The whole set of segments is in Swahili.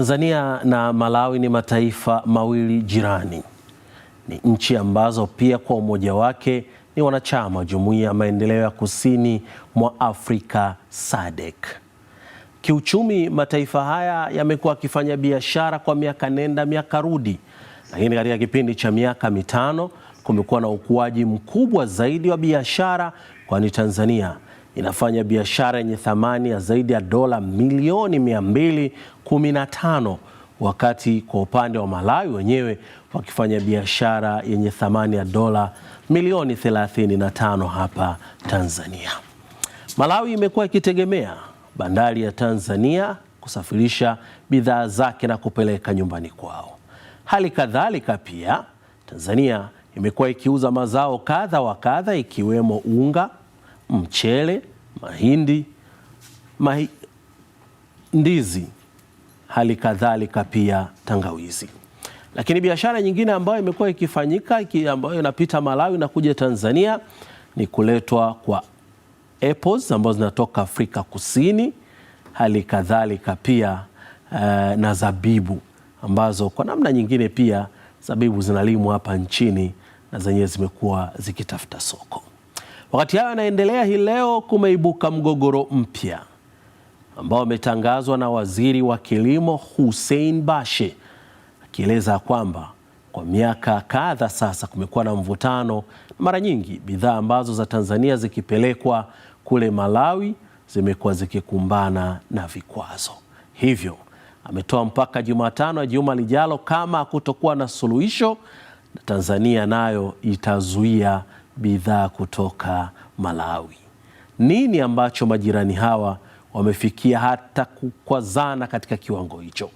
Tanzania na Malawi ni mataifa mawili jirani, ni nchi ambazo pia kwa umoja wake ni wanachama wa Jumuiya ya Maendeleo ya Kusini mwa Afrika SADC. Kiuchumi, mataifa haya yamekuwa yakifanya biashara kwa miaka nenda miaka rudi, lakini katika kipindi cha miaka mitano kumekuwa na ukuaji mkubwa zaidi wa biashara, kwani Tanzania inafanya biashara yenye thamani ya zaidi ya dola milioni 215 wakati kwa upande wa Malawi wenyewe wakifanya biashara yenye thamani ya dola milioni 35 hapa Tanzania. Malawi imekuwa ikitegemea bandari ya Tanzania kusafirisha bidhaa zake na kupeleka nyumbani kwao. Hali kadhalika pia Tanzania imekuwa ikiuza mazao kadha wa kadha ikiwemo unga mchele, mahindi, mahi, ndizi, hali kadhalika pia tangawizi. Lakini biashara nyingine ambayo imekuwa ikifanyika ambayo inapita Malawi na kuja Tanzania ni kuletwa kwa apples ambazo zinatoka Afrika Kusini, hali kadhalika pia uh, na zabibu ambazo kwa namna nyingine pia zabibu zinalimwa hapa nchini na zenyewe zimekuwa zikitafuta soko. Wakati hayo yanaendelea, hii leo kumeibuka mgogoro mpya ambao umetangazwa na waziri wa kilimo Hussein Bashe, akieleza kwamba kwa miaka kadha sasa kumekuwa na mvutano, mara nyingi bidhaa ambazo za Tanzania zikipelekwa kule Malawi zimekuwa zikikumbana na vikwazo. Hivyo ametoa mpaka Jumatano ya juma lijalo kama kutokuwa na suluhisho, na Tanzania nayo itazuia bidhaa kutoka Malawi. Nini ambacho majirani hawa wamefikia hata kukwazana katika kiwango hicho?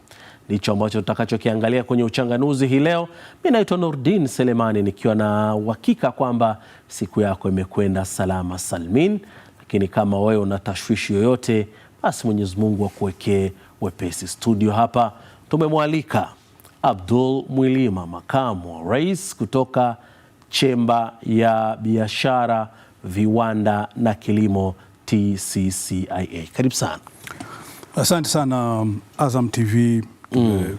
Ndicho ambacho tutakachokiangalia kwenye Uchanganuzi hii leo. Mi naitwa Nurdin Selemani, nikiwa na uhakika kwamba siku yako imekwenda salama salmin, lakini kama wewe una tashwishi yoyote, basi Mwenyezi Mungu akuwekee wepesi. Studio hapa tumemwalika Abdul Mwilima, makamu wa rais kutoka chemba ya biashara, viwanda na kilimo TCCIA. Karibu sana. Asante sana um, Azam TV mm. Eh,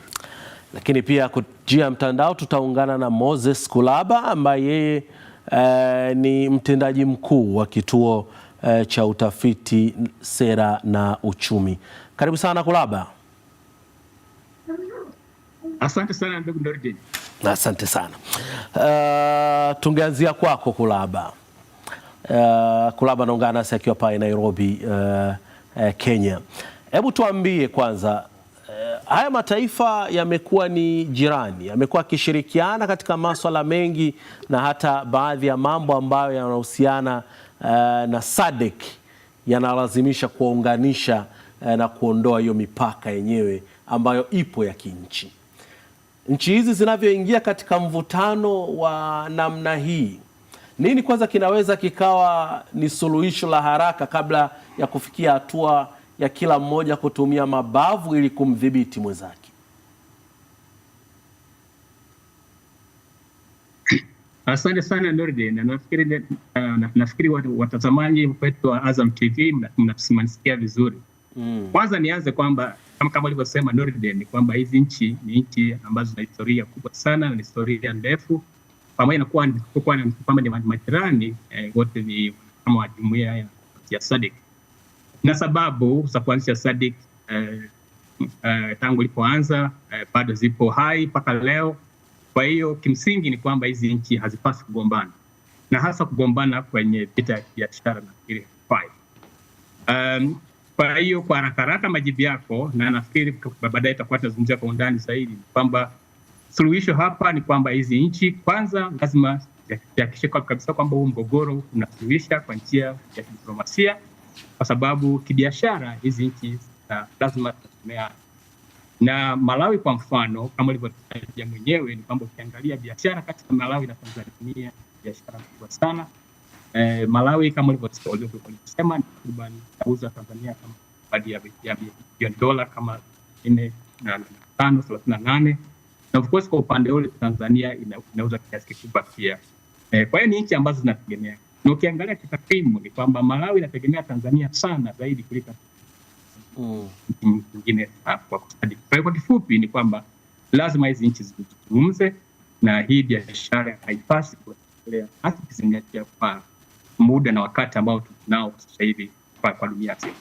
Lakini pia kujia njia ya mtandao tutaungana na Moses Kulaba ambaye yeye eh, ni mtendaji mkuu wa kituo eh, cha utafiti sera na uchumi. Karibu sana Kulaba. Asante sana ndugu Nurdin. Asante sana. Uh, tungeanzia kwako Kulaba. Uh, Kulaba naungana nasi akiwa pale Nairobi uh, uh, Kenya. Hebu tuambie kwanza uh, haya mataifa yamekuwa ni jirani, yamekuwa akishirikiana katika masuala mengi na hata baadhi ya mambo ambayo yanahusiana uh, na SADC yanalazimisha kuwaunganisha uh, na kuondoa hiyo mipaka yenyewe ambayo ipo ya kinchi nchi hizi zinavyoingia katika mvutano wa namna hii, nini kwanza kinaweza kikawa ni suluhisho la haraka kabla ya kufikia hatua ya kila mmoja kutumia mabavu ili kumdhibiti mwenzake? Asante sana Nurdin, nafikiri nafikiri watazamaji wetu wa Azam TV mnatusimamsikia vizuri. Mm. Kwanza nianze kwamba kama, kama ulivyosema Nurden, ni kwamba hizi nchi ni nchi ambazo zina historia kubwa sana na historia ndefu, pamoja na kwamba ni majirani eh, wote ni kama wa jumuiya ya SADC na sababu za kuanzisha SADC eh, eh, tangu ilipoanza eh, bado zipo hai mpaka leo. Kwa hiyo kimsingi ni kwamba hizi nchi hazipaswi kugombana na hasa kugombana kwenye vita ya biashara na kwa hiyo kwa haraka haraka majibu yako, na nafikiri baadaye itakuwa tunazungumzia kwa undani zaidi, kwamba suluhisho hapa ni kwamba hizi nchi kwanza lazima zihakikishe kabisa kwamba huu mgogoro unasuluhisha kwa njia ya kidiplomasia, kwa sababu kibiashara hizi nchi lazima zitegemeane. Na Malawi kwa mfano, kama ulivyotaja mwenyewe, ni kwamba ukiangalia biashara kati ya Malawi na Tanzania, biashara kubwa sana eh, Malawi kama ulivyosema ni takriban tauza Tanzania kama baadhi ya bilioni dola kama nne na tano thelathini na nane na of course kwa upande ule Tanzania inauza kiasi kikubwa pia. Eh, kwa hiyo ni nchi ambazo zinategemea na ukiangalia kitakwimu ni kwamba Malawi inategemea Tanzania sana zaidi kuliko mm. nyingine Kwa kustadi. Kwa hiyo kwa kifupi ni kwamba lazima hizi nchi zizungumze na hii biashara haipasi kuendelea hadi kizingatia kwamba muda na wakati ambao tunao sasa hivi kwa, kwa dunia nzima.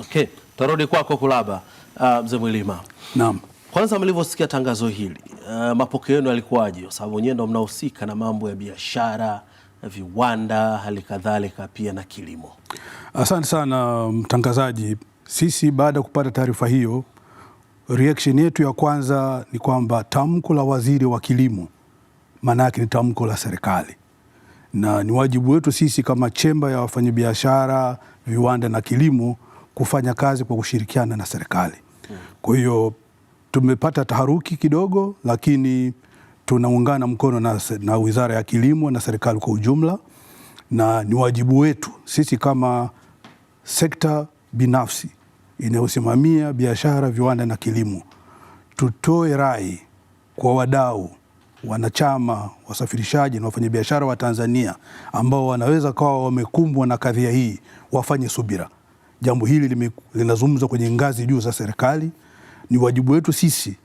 Okay, tarudi kwako Kulaba uh, mzee Mwilima. Naam. Kwanza mlivyosikia tangazo hili uh, mapokeo yenu yalikuwaje? Kwa sababu wenyewe ndo mnahusika na mambo ya biashara, viwanda, hali kadhalika pia na kilimo. Asante sana mtangazaji. Sisi baada ya kupata taarifa hiyo, reaction yetu ya kwanza ni kwamba tamko la waziri wa kilimo maana yake ni tamko la serikali na ni wajibu wetu sisi kama chemba ya wafanyabiashara, viwanda na kilimo kufanya kazi kwa kushirikiana na serikali. Kwa hiyo tumepata taharuki kidogo, lakini tunaungana mkono na, na Wizara ya Kilimo na serikali kwa ujumla, na ni wajibu wetu sisi kama sekta binafsi inayosimamia biashara, viwanda na kilimo, tutoe rai kwa wadau wanachama, wasafirishaji na wafanyabiashara wa Tanzania ambao wanaweza kawa wamekumbwa na kadhia hii wafanye subira. Jambo hili linazungumzwa kwenye ngazi juu za serikali. Ni wajibu wetu sisi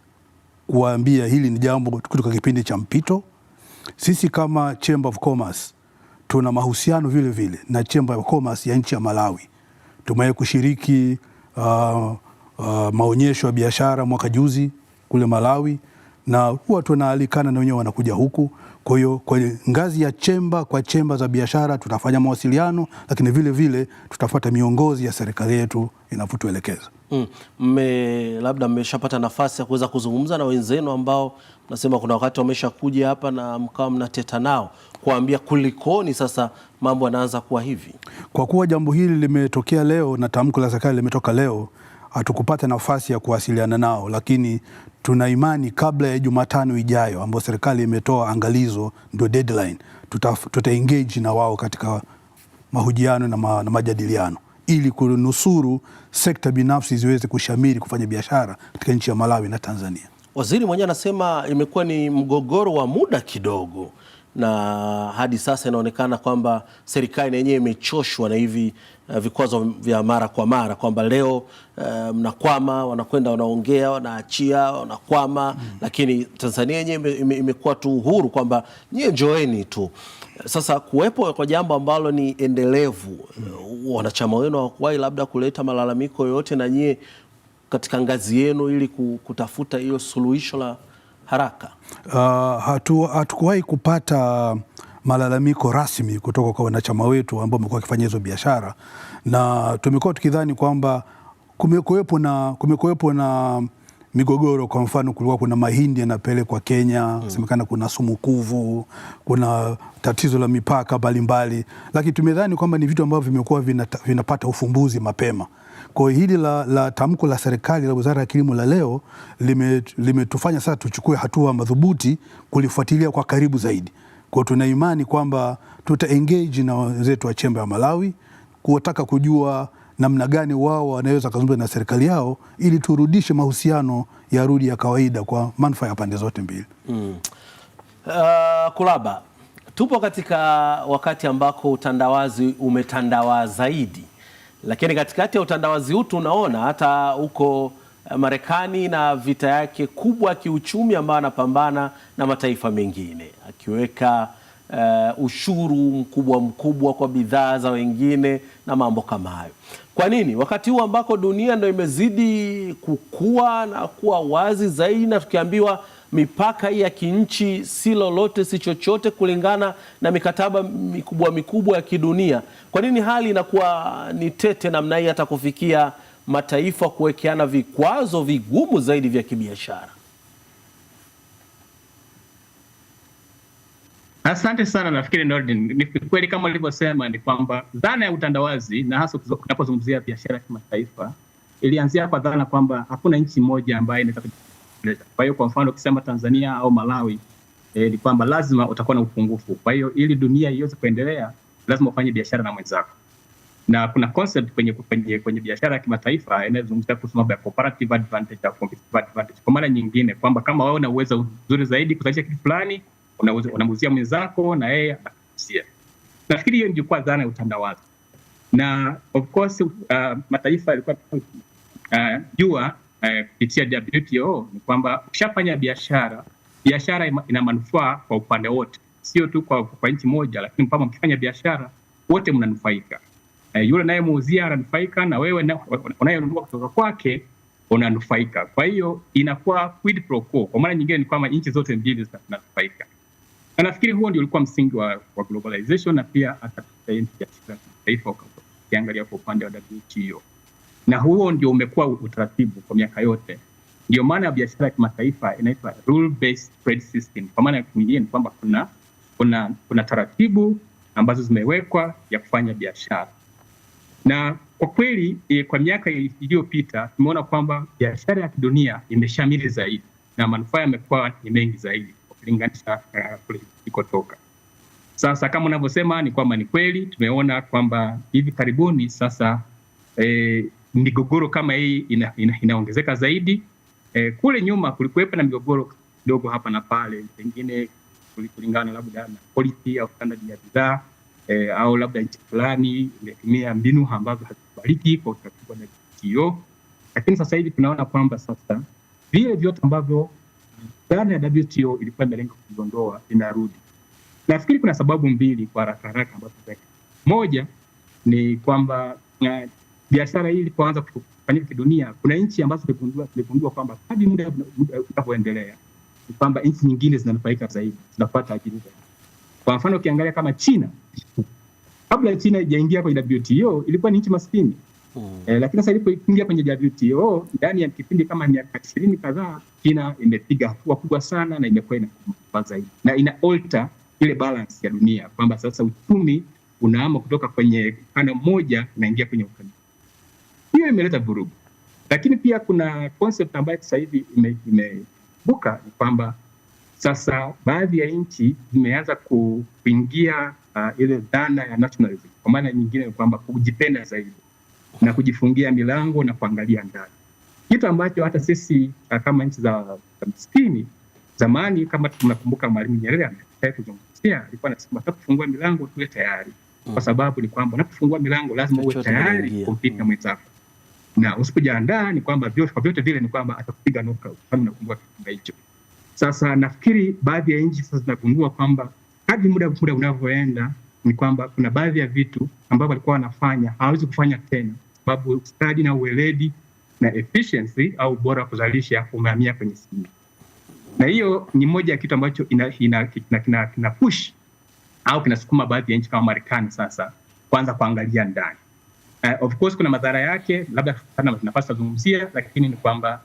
kuwaambia hili ni jambo kutoka kipindi cha mpito. Sisi kama Chamber of Commerce tuna mahusiano vile vile na Chamber of Commerce ya nchi ya Malawi. Tumewahi kushiriki uh, uh, maonyesho ya biashara mwaka juzi kule Malawi na huwa tunaalikana na wenyewe wanakuja huku. Kwa hiyo kwa ngazi ya chemba kwa chemba za biashara tutafanya mawasiliano, lakini vile vile tutafata miongozi ya serikali yetu inavyotuelekeza. Mm, labda mmeshapata nafasi ya kuweza kuzungumza na wenzenu ambao nasema kuna wakati wameshakuja hapa na mkawa mnateta nao kuambia kulikoni sasa mambo yanaanza kuwa hivi? Kwa kuwa jambo hili limetokea leo na tamko la serikali limetoka leo hatukupata nafasi ya kuwasiliana nao, lakini tuna imani kabla ya Jumatano ijayo ambayo serikali imetoa angalizo, ndio deadline, tuta, tuta engage na wao katika mahojiano na, ma, na majadiliano ili kunusuru sekta binafsi ziweze kushamiri kufanya biashara katika nchi ya Malawi na Tanzania. Waziri mwenyewe anasema imekuwa ni mgogoro wa muda kidogo, na hadi sasa inaonekana kwamba serikali na yenyewe imechoshwa na hivi Eh, vikwazo vya mara kwa mara kwamba leo eh, mnakwama, um, wanakwenda wanaongea, wanaachia, wanakwama mm. Lakini Tanzania yenyewe imekuwa tu uhuru kwamba nyie njoeni tu. Sasa kuwepo kwa jambo ambalo ni endelevu mm. wanachama wenu hawakuwahi labda kuleta malalamiko yoyote na nyie katika ngazi yenu ili kutafuta hiyo suluhisho la haraka? Uh, hatukuwahi hatu kupata malalamiko rasmi kutoka kwa wanachama wetu ambao wamekuwa wakifanya hizo biashara, na tumekuwa tukidhani kwamba kumekuwepo na, kumekuwepo na migogoro. Kwa mfano, kulikuwa kuna mahindi yanapelekwa Kenya mm. semekana kuna sumukuvu, kuna tatizo la mipaka mbalimbali, lakini tumedhani kwamba ni vitu ambavyo vimekuwa vinapata ufumbuzi mapema. Kwa hili la, la tamko la serikali la Wizara ya Kilimo la leo limetufanya lime sasa tuchukue hatua madhubuti kulifuatilia kwa karibu zaidi. Kwa tuna imani kwamba tuta engage na wenzetu wa chemba ya Malawi kuwataka kujua namna gani wao wanaweza kuzungumza na serikali yao ili turudishe mahusiano ya rudi ya kawaida kwa manufaa ya pande zote mbili. Mm. Uh, Kulaba, tupo katika wakati ambako utandawazi umetandawaa zaidi, lakini katikati ya utandawazi huu tunaona hata huko Marekani na vita yake kubwa kiuchumi ambayo anapambana na mataifa mengine akiweka uh, ushuru mkubwa mkubwa kwa bidhaa za wengine na mambo kama hayo. Kwa nini wakati huu ambako dunia ndio imezidi kukua na kuwa wazi zaidi na tukiambiwa mipaka hii ya kinchi si lolote si chochote kulingana na mikataba mikubwa mikubwa ya kidunia, kwa nini hali inakuwa ni tete namna hii hata kufikia mataifa kuwekeana vikwazo vigumu zaidi vya kibiashara? Asante sana. Nafikiri Nordin, ni kweli kama ulivyosema, ni kwamba dhana ya utandawazi na hasa unapozungumzia biashara ya kimataifa ilianzia kwa dhana kwamba hakuna nchi moja ambayo inaweza Kwa hiyo, kwa mfano ukisema Tanzania au Malawi eh, ni kwamba lazima utakuwa na upungufu. Kwa hiyo, ili dunia iweze kuendelea, lazima ufanye biashara na mwenzako na kuna concept kwenye, kwenye, kwenye biashara ya kimataifa inayozungumzia kuhusu mambo ya comparative advantage au competitive advantage, kwa maana nyingine kwamba kama wewe una uwezo mzuri zaidi kuzalisha kitu fulani, unamuuzia mwenzako na yeye anakuuzia. Nafikiri hiyo ndio kwa dhana ya utandawazi, na of course uh, mataifa yalikuwa uh, jua uh, kupitia uh, WTO ni kwamba ukishafanya biashara, biashara ina manufaa kwa upande wote, sio tu kwa, kwa nchi moja, lakini kama mkifanya biashara wote mnanufaika eh, yule anayemuuzia ananufaika na wewe unayenunua kutoka kwake unanufaika. Kwa hiyo inakuwa quid pro quo, kwa maana nyingine ni kwamba nchi zote mbili zinanufaika, na nafikiri huo ndio ulikuwa msingi wa, wa globalization na pia hata taifa ukiangalia kwa upande wa WTO, na huo ndio umekuwa utaratibu kwa miaka yote. Ndio maana ya biashara ya kimataifa inaitwa rule based trade system, kwa maana nyingine ni kwamba kuna, kuna, kuna taratibu ambazo zimewekwa ya kufanya biashara na kwa kweli e, kwa miaka iliyopita tumeona kwamba biashara ya kidunia imeshamiri zaidi na manufaa yamekuwa ni mengi zaidi kulinganisha e, kule ilikotoka. Sasa kama unavyosema ni kwamba ni kweli tumeona kwamba hivi karibuni sasa e, migogoro kama hii ina, ina, inaongezeka zaidi. E, kule nyuma kulikuwepo na migogoro kidogo hapa na pale, pengine kulingana labda na quality au standard ya bidhaa e, au labda nchi fulani imetumia mbinu ambazo hazikubaliki kwa utaratibu wa WTO. Lakini sasa hivi tunaona kwamba sasa vile vyote ambavyo dhana ya WTO ilikuwa imelenga kuviondoa inarudi. Nafikiri kuna sababu mbili kwa haraka haraka ambazo moja ni kwamba eh, biashara hii ilipoanza kufanyika kidunia, kuna nchi ambazo zimegundua kwamba kadri muda unavyoendelea ni kwamba nchi nyingine zinanufaika zaidi, zinapata ajira zaidi. Kwa mfano ukiangalia kama China, kabla China haijaingia kwenye WTO ilikuwa ni nchi maskini mm. E, lakini sasa ilipoingia kwenye WTO ndani ya kipindi kama miaka ishirini kadhaa, China imepiga hatua kubwa sana na imekuwa inakua zaidi na ina alter ile balance ya dunia kwamba sasa uchumi unaama kutoka kwenye upande mmoja unaingia kwenye ukanda. Hiyo imeleta vurugu, lakini pia kuna concept ambayo sasa hivi imebuka ime, kwamba sasa baadhi ya nchi zimeanza kuingia uh, ile dhana ya nationalism. Kwa maana nyingine ni kwamba kujipenda zaidi na kujifungia milango na kuangalia ndani, kitu ambacho hata sisi uh, kama nchi za, za maskini zamani, kama tunakumbuka Mwalimu Nyerere ametaka kuzungumzia, alikuwa anasema kufungua milango tuwe tayari, mm. kwa sababu ni kwamba unapofungua milango lazima uwe tayari kumpita mm. mwenzako na usipojiandaa ni kwamba vyote kwa vyote vile ni kwamba atakupiga knockout. Kama nakumbuka kitu hicho sasa nafikiri baadhi ya nchi sasa zinagundua kwamba kadri muda muda unavyoenda ni kwamba kuna baadhi ya vitu ambavyo walikuwa wanafanya hawawezi kufanya tena, sababu stadi na uweledi na efficiency au bora wa kuzalisha umehamia kwenye simu, na hiyo ni moja ya kitu ambacho ina, ina, kina, push au kinasukuma baadhi ya nchi kama Marekani sasa kuanza kuangalia ndani. Uh, of course kuna madhara yake, labda nafasi tazungumzia, lakini ni kwamba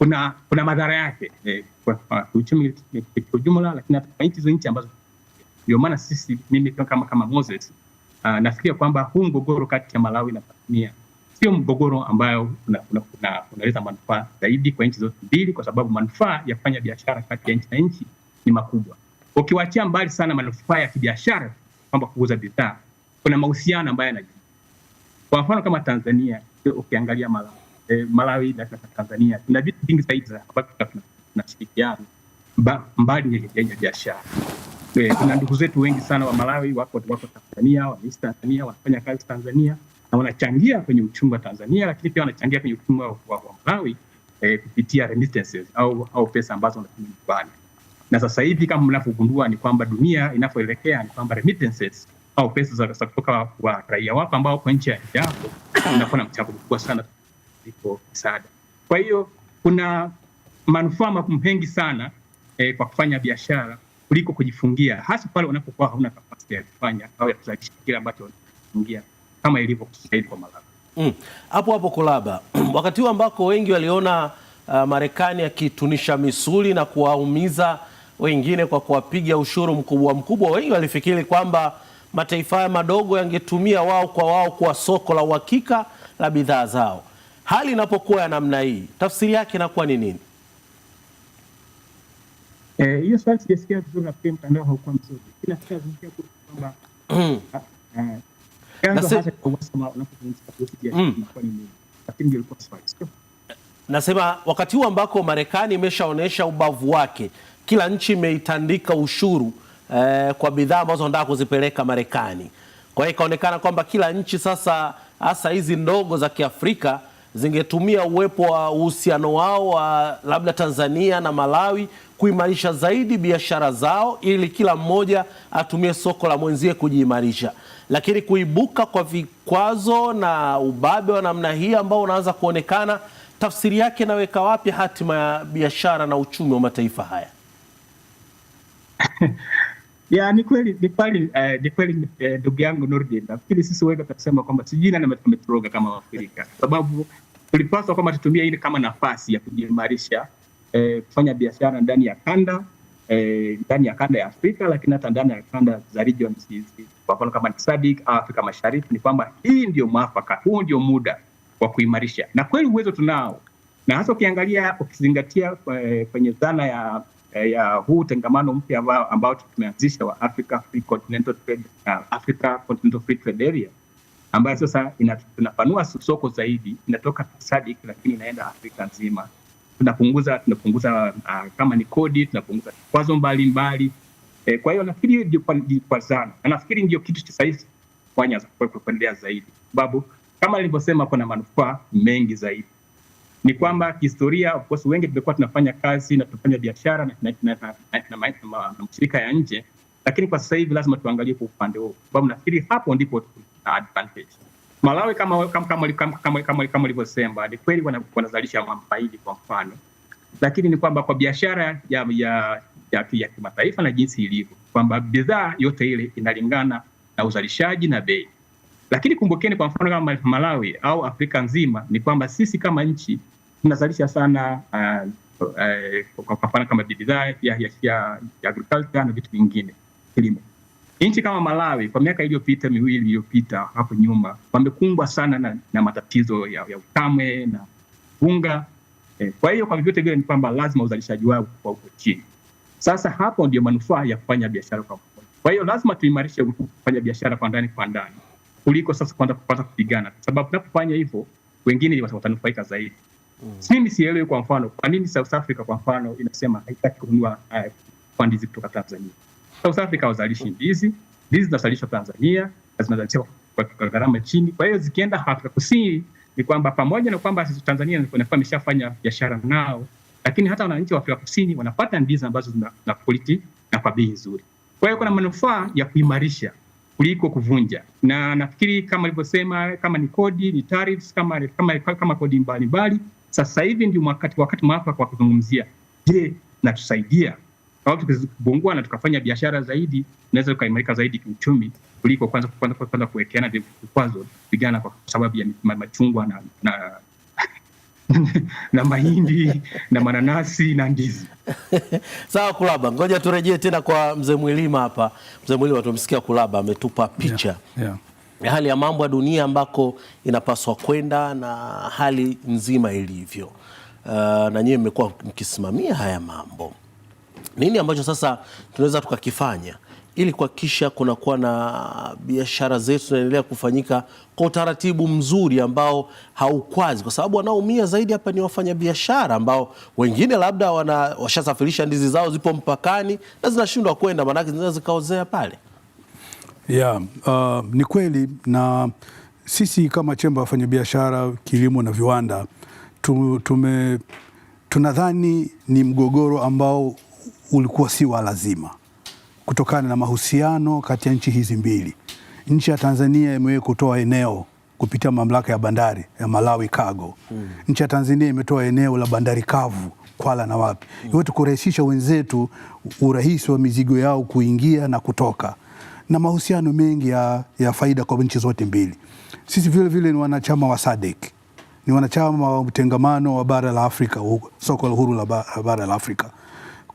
kuna kuna madhara yake eh, kwa uchumi kwa jumla, lakini hata kwa nchi hizo nchi ambazo, ndio maana sisi mimi kama kama Moses uh, nafikiria kwamba huu mgogoro kati ya Malawi na Tanzania sio mgogoro ambayo unaleta una, una, manufaa zaidi kwa nchi zote mbili, kwa sababu manufaa ya kufanya biashara kati ya nchi na nchi ni makubwa, ukiwachia mbali sana manufaa ya kibiashara kwamba kuuza bidhaa, kuna mahusiano ambayo yanaji, kwa mfano kama Tanzania ukiangalia Malawi Eh, Malawi na Tanzania. kuna vitu vingi zaidi ambavyo tunashirikiana mbali ya biashara. Eh, kuna ndugu zetu wengi sana wa Malawi wako wako Tanzania, wa East Tanzania, wanafanya kazi Tanzania na wanachangia kwenye uchumi wa Tanzania, lakini pia wanachangia kwenye uchumi wa, wa Malawi eh, kupitia remittances au, au pesa ambazo wanatuma nyumbani. Na sasa hivi kama mnavyogundua ni kwamba dunia inapoelekea ni kwamba remittances au pesa za kutoka kwa raia wako ambao kwa nchi ya yako inakuwa na mchango mkubwa sana kuliko misaada. Kwa hiyo kuna manufaa mengi sana eh, kwa kufanya biashara kuliko kujifungia, hasa pale unapokuwa hauna kapasiti ya kufanya au ya kuzalisha kile ambacho unajifungia kama ilivyo kwa Malawi. Mm. Hapo hapo wakati huu ambako wengi waliona uh, Marekani akitunisha misuli na kuwaumiza wengine kwa kuwapiga ushuru mkubwa mkubwa, wengi walifikiri kwamba mataifa haya madogo yangetumia wao kwa wao kuwa soko la uhakika la bidhaa zao. Hali inapokuwa ya namna hii, tafsiri yake inakuwa ni nini? Eh, hiyo swali sijasikia vizuri, nafikiri mtandao haukuwa mzuri. Hmm. Ah, eh, hmm. Nasema wakati huu ambako Marekani imeshaonyesha ubavu wake, kila nchi imeitandika ushuru eh, kwa bidhaa ambazo wanataka kuzipeleka Marekani. Kwa hiyo ikaonekana kwamba kila nchi sasa, hasa hizi ndogo za Kiafrika zingetumia uwepo wa uhusiano wao wa labda Tanzania na Malawi kuimarisha zaidi biashara zao ili kila mmoja atumie soko la mwenzie kujiimarisha. Lakini kuibuka kwa vikwazo na ubabe wa namna hii ambao unaanza kuonekana, tafsiri yake inaweka wapi hatima ya biashara na uchumi wa mataifa haya? Ya, ni kweli ni kweli eh, ni kweli eh, ndugu yangu Nurdin, nafikiri sisi wengi tutasema kwamba sijui nani ameturoga kama Waafrika, sababu tulipaswa kwamba tutumie ile kama nafasi ya kujiimarisha, eh, kufanya biashara ndani ya kanda eh, ndani ya kanda ya Afrika, lakini hata ndani ya kanda za region hizi, kwa mfano kama SADC Afrika Mashariki, ni kwamba hii ndio mwafaka, huu ndio muda wa kuimarisha, na kweli uwezo tunao, na hasa ukiangalia ukizingatia eh, kwenye dhana ya eh, ya huu tengamano mpya ambao ambao tumeanzisha wa Africa Free Continental Trade, uh, Africa Continental Free Trade Area ambayo sasa tunapanua soko zaidi, inatoka SADC lakini inaenda Afrika nzima. Tunapunguza tunapunguza uh, kama ni kodi, tunapunguza vikwazo mbalimbali. eh, kwa hiyo nafikiri hiyo ndio kwa sana, na nafikiri ndio kitu cha sahihi kufanya kuendelea zaidi, sababu kama nilivyosema, kuna manufaa mengi zaidi ni kwamba kihistoria, of course, wengi tumekuwa tunafanya kazi na tunafanya biashara na, na, na, na, na, na mashirika ya nje, lakini kwa sasa hivi lazima tuangalie kwa upande huo, sababu nafikiri hapo ndipo advantage Malawi kama kama alivyosema, ni kweli wanazalisha mafaili kwa mfano, lakini ni kwamba kwa biashara ya, ya, ya, ya kimataifa na jinsi ilivyo kwamba bidhaa yote ile inalingana na uzalishaji na bei. Lakini kumbukeni, kwa mfano kama Malawi au Afrika nzima, ni kwamba sisi kama nchi tunazalisha sana uh, uh, kwa mfano kama bidhaa ya, ya ya, ya agriculture na vitu vingine kilimo. Nchi kama Malawi kwa miaka iliyopita miwili iliyopita hapo nyuma wamekumbwa sana na, na matatizo ya, ya ukame na unga eh. Kwa hiyo kwa vyovyote vile ni kwamba lazima uzalishaji wao kwa uko chini. Sasa hapo ndio manufaa ya kufanya biashara kwa pamoja. Kwa hiyo lazima tuimarishe kufanya biashara kwa ndani kwa ndani kuliko sasa kwanza kupata kupigana, kwa sababu tunapofanya hivyo wengine watanufaika zaidi. Mm. Mimi sielewi kwa mfano kwa nini South Africa kwa mfano inasema haitaki kununua uh, eh, ndizi kutoka Tanzania. South Africa wazalishi ndizi, ndizi zinazalishwa Tanzania na zinazalishwa kwa gharama chini. Kwa hiyo zikienda Afrika Kusini ni kwamba pamoja na kwamba sisi Tanzania inakuwa imeshafanya biashara nao, lakini hata wananchi wa Afrika Kusini wanapata ndizi ambazo zina na quality na kwa bei nzuri. Kwa hiyo kuna manufaa ya kuimarisha kuliko kuvunja, na nafikiri kama alivyosema, kama ni kodi ni tariffs, kama, kama, kama kodi mbalimbali. Sasa hivi ndio wakati wakati mwafaka wa kuzungumzia, je, natusaidia au tukizungua na tukafanya biashara zaidi, naweza tukaimarika zaidi kiuchumi kuliko kwanza kwanza kwanza kuwekeana vikwazo vijana kwa sababu ya machungwa na, na na mahindi na mananasi na ndizi. Sawa Kulaba, ngoja turejee tena kwa mzee Mwilima hapa. Mzee Mwilima, tumesikia Kulaba ametupa picha yeah, yeah ya hali ya mambo ya dunia ambako inapaswa kwenda na hali nzima ilivyo. Uh, na nyewe mmekuwa mkisimamia haya mambo, nini ambacho sasa tunaweza tukakifanya ili kuhakikisha kunakuwa na biashara zetu zinaendelea kufanyika kwa utaratibu mzuri ambao haukwazi, kwa sababu wanaoumia zaidi hapa ni wafanyabiashara ambao wengine labda wana washasafirisha ndizi zao zipo mpakani na zinashindwa kwenda, maanake zinaweza zikaozea pale. Yeah, uh, ni kweli na sisi kama chemba wafanyabiashara kilimo na viwanda tume tunadhani ni mgogoro ambao ulikuwa si wa lazima kutokana na mahusiano kati ya nchi hizi mbili. Nchi ya Tanzania imewahi kutoa eneo kupitia mamlaka ya bandari ya Malawi Cargo. Hmm. Nchi ya Tanzania imetoa eneo la bandari kavu Kwala na wapi. Mm. Yote kurahisisha wenzetu urahisi wa mizigo yao kuingia na kutoka na mahusiano mengi ya, ya faida kwa nchi zote mbili. Sisi vile vile ni wanachama wa SADC. Ni wanachama wa mtengamano wa bara la Afrika, soko la uhuru la bara la Afrika.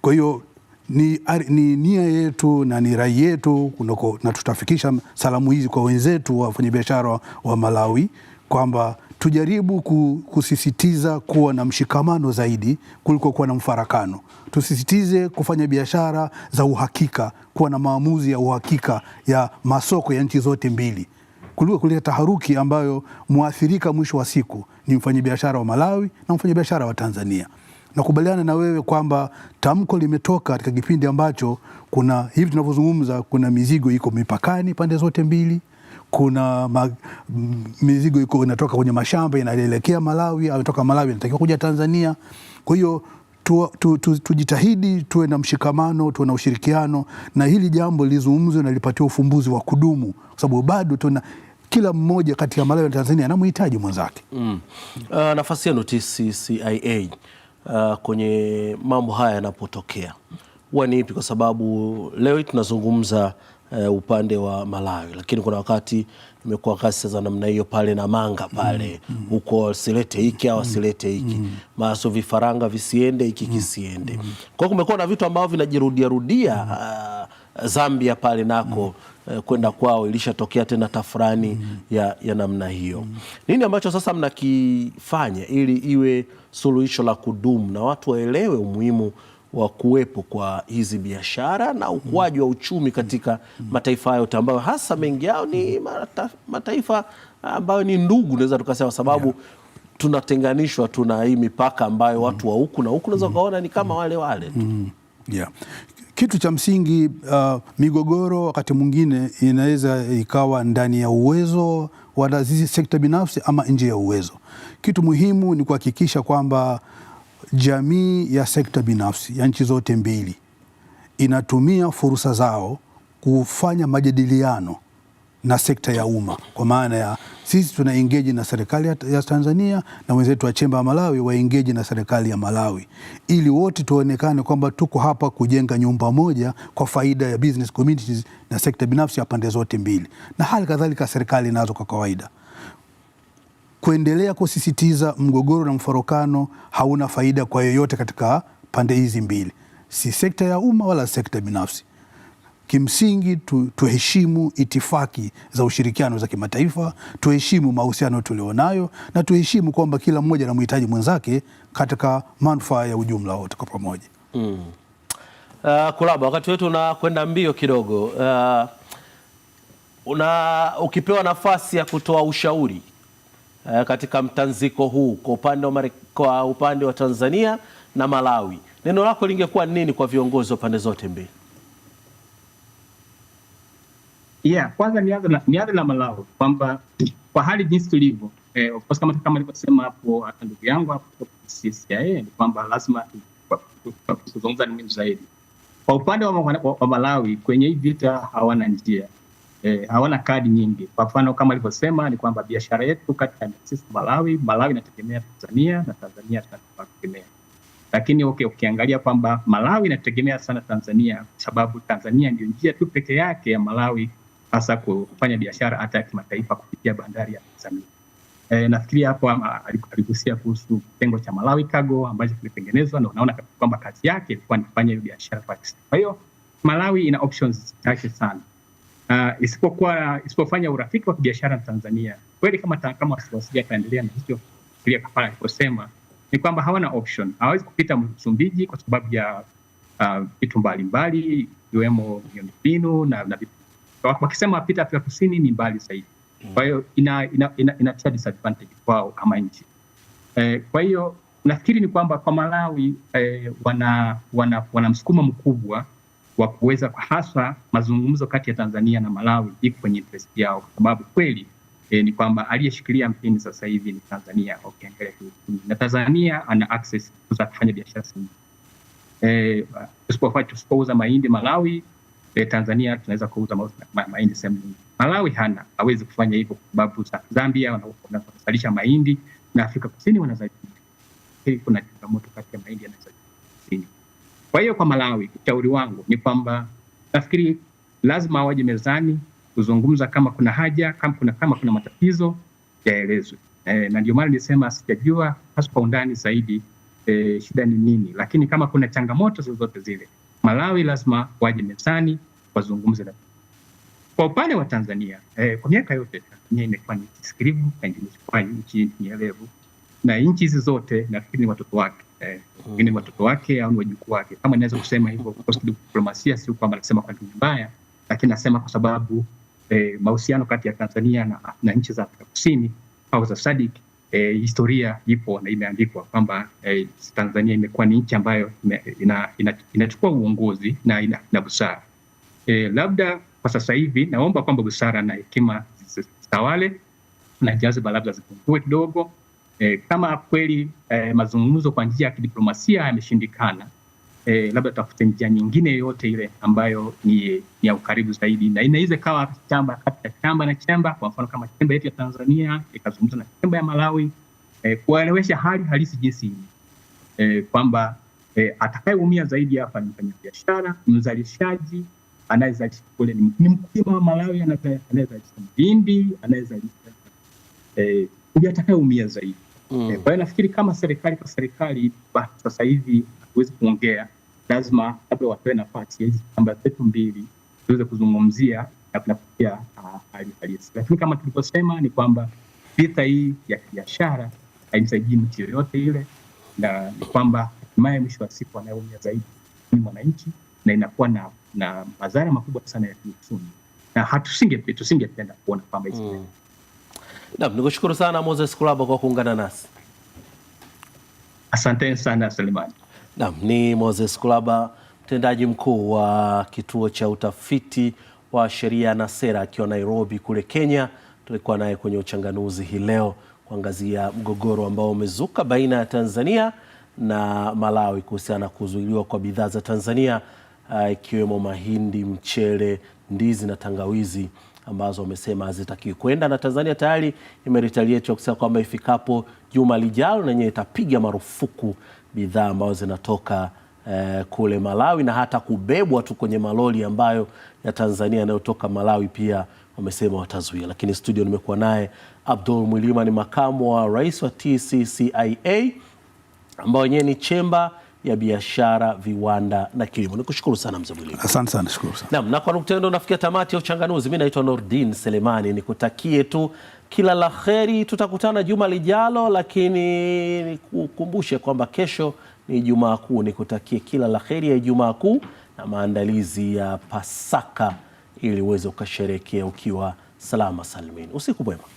Kwa hiyo ni, ni nia yetu na ni rai yetu kunoko, na tutafikisha salamu hizi kwa wenzetu wafanyabiashara wa Malawi kwamba tujaribu kusisitiza kuwa na mshikamano zaidi kuliko kuwa na mfarakano. Tusisitize kufanya biashara za uhakika, kuwa na maamuzi ya uhakika ya masoko ya nchi zote mbili kuliko kuleta taharuki ambayo mwathirika mwisho wa siku ni mfanyabiashara wa Malawi na mfanyabiashara wa Tanzania nakubaliana na wewe kwamba tamko limetoka katika kipindi ambacho kuna hivi tunavyozungumza, kuna mizigo iko mipakani pande zote mbili, kuna ma, mizigo iko inatoka kwenye mashamba inaelekea Malawi au inatoka Malawi inatakiwa kuja Tanzania. Kwa hiyo tujitahidi tu, tu, tujitahidi tuwe na mshikamano, tuwe na ushirikiano, na hili jambo lizungumzwe na lipatiwe ufumbuzi wa kudumu, kwa sababu bado tuna kila mmoja kati ya Malawi na Tanzania anamhitaji mwenzake. mm. Uh, nafasi yenu TCCIA uh, kwenye mambo haya yanapotokea huwa ni ipi? Kwa sababu leo hii tunazungumza uh, upande wa Malawi, lakini kuna wakati imekuwa ghasia za namna hiyo pale na manga pale mm, mm. huko, mm, mm. silete hiki au silete hiki mm. maaso vifaranga visiende hiki mm, kisiende mm. kwa kumekuwa na vitu ambavyo vinajirudiarudia uh, Zambia pale nako mm eh, kwenda kwao ilishatokea tena tafurani mm -hmm. ya, ya namna hiyo mm -hmm. Nini ambacho sasa mnakifanya ili iwe suluhisho la kudumu na watu waelewe umuhimu wa kuwepo kwa hizi biashara na ukuaji wa uchumi katika mataifa yote ambayo hasa mengi yao ni mataifa ambayo ni ndugu, naweza tukasema, sababu yeah. tunatenganishwa, tuna hii mipaka ambayo watu wa huku na huku naweza mm. ukaona ni kama mm. wale wale tu mm. yeah. Kitu cha msingi uh, migogoro wakati mwingine inaweza ikawa ndani ya uwezo wa taasisi sekta binafsi ama nje ya uwezo. Kitu muhimu ni kuhakikisha kwamba jamii ya sekta binafsi ya nchi zote mbili inatumia fursa zao kufanya majadiliano na sekta ya umma kwa maana ya sisi tuna engage na serikali ya Tanzania na wenzetu wa chemba ya Malawi wa engage na serikali ya Malawi ili wote tuonekane kwamba tuko hapa kujenga nyumba moja kwa faida ya business communities na sekta binafsi ya pande zote mbili, na hali kadhalika serikali nazo kwa kawaida kuendelea kusisitiza mgogoro na mforokano hauna faida kwa yoyote katika pande hizi mbili, si sekta ya umma wala sekta binafsi. Kimsingi tu, tuheshimu itifaki za ushirikiano za kimataifa, tuheshimu mahusiano tulionayo na tuheshimu kwamba kila mmoja anamhitaji mwenzake katika manufaa ya ujumla wote kwa pamoja. Mm. Uh, Kulaba, wakati wetu unakwenda mbio kidogo. Uh, una ukipewa nafasi ya kutoa ushauri uh, katika mtanziko huu kwa upande wa kwa upande wa Tanzania na Malawi, neno lako lingekuwa nini kwa viongozi wa pande zote mbili? Yeah, kwanza nianze na, nianze na Malawi kwamba kwa hali jinsi tulivyo eh, of course kama kama nilivyosema hapo ndugu yangu hapo CIA ni kwamba lazima kuzungumza nini zaidi. Kwa upande wa, wa Malawi kwenye hii vita hawana njia eh, hawana kadi nyingi. Kwa mfano kama alivyosema ni kwamba biashara yetu kati ya sisi Malawi, Malawi inategemea Tanzania na Tanzania tunategemea lakini okay, ukiangalia kwamba Malawi inategemea sana Tanzania sababu Tanzania ndio njia tu peke yake ya Malawi hasa kufanya biashara hata ya kimataifa kupitia bandari ya Tanzania. E, nafikiria hapo aligusia kuhusu kitengo cha Malawi Cargo ambacho kilitengenezwa na unaona kwamba kazi yake ilikuwa nifanya hiyo biashara Pakistan. Kwa hiyo Malawi ina options chache sana. Uh, isipokuwa isipofanya urafiki wa kibiashara na Tanzania kweli, kama kama wasiwasi ataendelea na hicho kile kafara aliposema, ni kwamba hawana option, hawawezi kupita Msumbiji kwa sababu ya ah, vitu uh, mbalimbali ikiwemo miundombinu na, na vitu wakisema wapita Afrika Kusini ni mbali zaidi, kwa hiyo ina, ina, ina, ina disadvantage kwao kama nchi eh. Kwa hiyo nafikiri ni kwamba kwa Malawi eh, wana, wana, wana msukumo mkubwa wa kuweza hasa mazungumzo kati ya Tanzania na Malawi iko kwenye interest yao, kwa sababu kweli eh, ni kwamba aliyeshikilia mpini sasa hivi ni Tanzania ukiangalia kiuchumi, na Tanzania ana access za kufanya biashara, eh, usipouza mahindi Malawi eh, Tanzania tunaweza kuuza mahindi sehemu nyingi. Malawi hana hawezi kufanya hivyo kwa sababu za Zambia wanazalisha mahindi na Afrika Kusini wanazalisha kuna changamoto kati ya mahindi yanayozalisha kusini. Kwa hiyo kwa Malawi, ushauri wangu ni kwamba nafikiri lazima waje mezani kuzungumza, kama kuna haja, kama kuna, kama kuna matatizo yaelezwe. E, na ndio maana nilisema sijajua hasa kwa undani zaidi e, shida ni nini, lakini kama kuna changamoto zozote zile Malawi lazima waje mezani wazungumze na kwa upande wa Tanzania eh, kwa miaka yote Tanzania imekuwa ni nchi na imekuwa nchi nyelevu, na nchi hizi zote nafikiri ni watoto wake eh, ni mm. watoto wake au ni wajukuu wake, kama naweza kusema hivyo. Kwa sababu diplomasia sio kwamba nasema kwa nia mbaya, lakini nasema kwa sababu eh, mahusiano kati ya Tanzania na, na nchi za Afrika Kusini au za SADC e, historia ipo na imeandikwa kwamba e, Tanzania imekuwa ni nchi ambayo inachukua ina, ina, uongozi na, ina, na busara e, labda kwa sasa hivi naomba kwamba busara na hekima zitawale na jaziba labda zipungue kidogo e, kama kweli e, mazungumzo kwa njia ya kidiplomasia yameshindikana eh, labda tafute njia nyingine yoyote ile ambayo ni ya ukaribu zaidi, na inaweza kawa chamba kati ya chamba na chamba, kwa mfano kama chemba yetu ya Tanzania ikazungumza na chemba ya Malawi eh, kuwaelewesha hali halisi jinsi eh, kwamba eh, atakayeumia zaidi hapa ni mfanyabiashara, mzalishaji anayezalisha kule, ni mkulima wa Malawi anayezalisha mahindi, anayezalisha eh, atakayeumia zaidi. Mm. Eh, kwa hiyo nafikiri kama serikali kwa serikali sasa hivi hatuwezi kuongea lazima labda wapewe nafasi hizi namba zetu mbili tuweze kuzungumzia na kunafikia ah, hali halisi. Lakini kama tulivyosema ni kwamba vita hii ya kibiashara haimsaidii mtu yoyote ile, na ni kwamba hatimaye mwisho wa siku anayeumia zaidi ni mwananchi, na inakuwa na, na madhara makubwa sana ya kiuchumi, na hatusingependa kuona kwamba hizi hmm. Naam, nikushukuru sana Moses Kulaba kwa kuungana nasi. Asanteni sana Selemani. Naam, ni Moses Kulaba, mtendaji mkuu wa kituo cha utafiti wa sheria na sera, akiwa Nairobi kule Kenya. Tulikuwa naye kwenye uchanganuzi hii leo kuangazia mgogoro ambao umezuka baina ya Tanzania na Malawi kuhusiana na kuzuiliwa kwa bidhaa za Tanzania eh, ikiwemo uh, mahindi, mchele, ndizi na tangawizi ambazo wamesema hazitakiwi kwenda, na Tanzania tayari imeretaliate kusema kwamba ifikapo juma lijalo na yenyewe itapiga marufuku bidhaa ambazo zinatoka eh, kule Malawi na hata kubebwa tu kwenye maloli ambayo ya Tanzania yanayotoka Malawi pia wamesema watazuia. Lakini studio nimekuwa naye Abdul Mwilima, ni makamu wa rais wa TCCIA ambao wenyewe ni chemba ya biashara, viwanda na kilimo. Nikushukuru sana mzee Mwilima. Asante sana, shukuru sana. Naam, na kwa nukta hiyo nafikia tamati ya uchanganuzi. Mimi naitwa Nordin Selemani, nikutakie tu kila la kheri, tutakutana juma lijalo, lakini nikukumbushe kwamba kesho ni Ijumaa Kuu. Nikutakie kila la kheri ya Ijumaa Kuu na maandalizi ya Pasaka ili uweze ukasherekea ukiwa salama salmin. Usiku mwema.